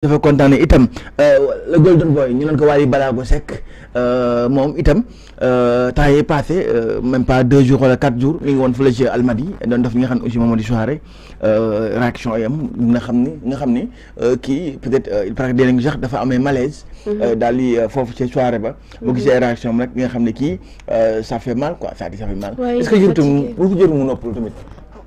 dafa kontaan itam euh, le golden boy ñu naan ko Wally Ballago Seck euh, moom itam euh, temps yi passé même pas deux jours wala quatre jours mi ngi woon fële ci Almadi doon def li ne aussi moom di soirée xam ni nga xam ni kii peut-être il paraît que dafa amee malaise. Mhm. daal di foofu ci soirée ba. boo mhm. gisee réaction am rek nga xam ne kii ça fait mal quoi ça tamit.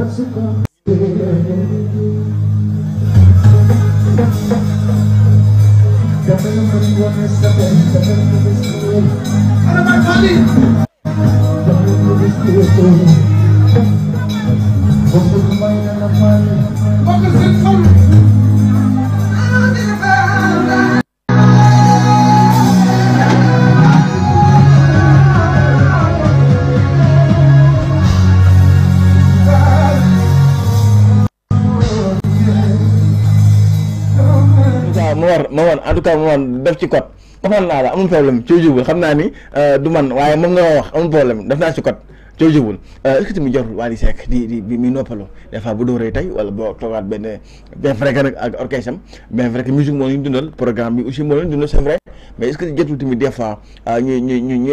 bersuka Harapan kali Harapan ma ma war ma woon en tout cas ma woon def ci code comprendre naa la amul problème ci jubul xam naa ni euh, du man waaye moom nga ma wax amul problème def naa ci code ci jubul euh, est-ce que tamit jotul Wally Seck di di bi muy noppalu des fois bu dóoree tey wala boo toogaat benn bien vrai que nag ak orchestre am bien que musique moo leen dundal programme bi aussi moo leen dundal c'est vrai mais est-ce que jotul tamit des fois euh, ñuy ñuy ñuy ñuy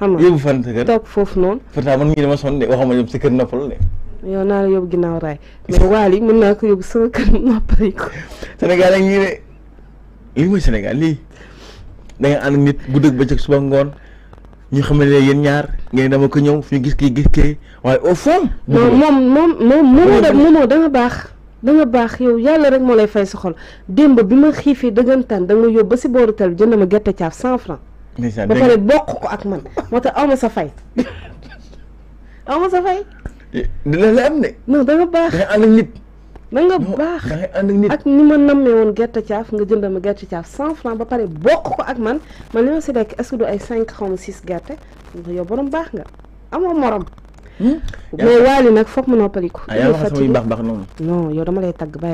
xam nga yóbbu fan sa kër toog foofu noonu. pourtant man mii dama sonn de waxuma yóbbu sa kër noppal de. yow naa la yóbbu ginnaaw raay. mais waal yi mën naa ko yóbbu sama kër noppal ko. Sénégal ak ñii de lii mooy Sénégal lii da nga ànd nit guddeeg bëccëg suba ngoon ñu xam ne yéen ñaar ngeen dama ko ñëw fu ñu gis kii gis kii waaye au fond. non moom moom moom moomoo da moomoo da nga baax. da nga baax yow yàlla rek moo lay fay sa xol démb bi ma xiifee dëggantaan da nga ma yóbbu ba si booru tal bi jënd ma gerte caaf cent franc ba pare bokk ko ak man moo tax aw sa fay aw ma sa fay. dina la am ne. non da nga baax da nga ànd ak nit. da nga da nga ak nit. ak ni ma nammee woon gerte caaf nga jëndal ma gerte caaf cent franc ba pare bokk ko ak man man li ma si lekk est que ay cinq xaw ma six gerte yow borom baax nga amoo morom. Hmm? mais waali nag foog mu noppaliku. ah yaa ngi wax sama yu baax baax noonu. non dama lay tagg bàyyi.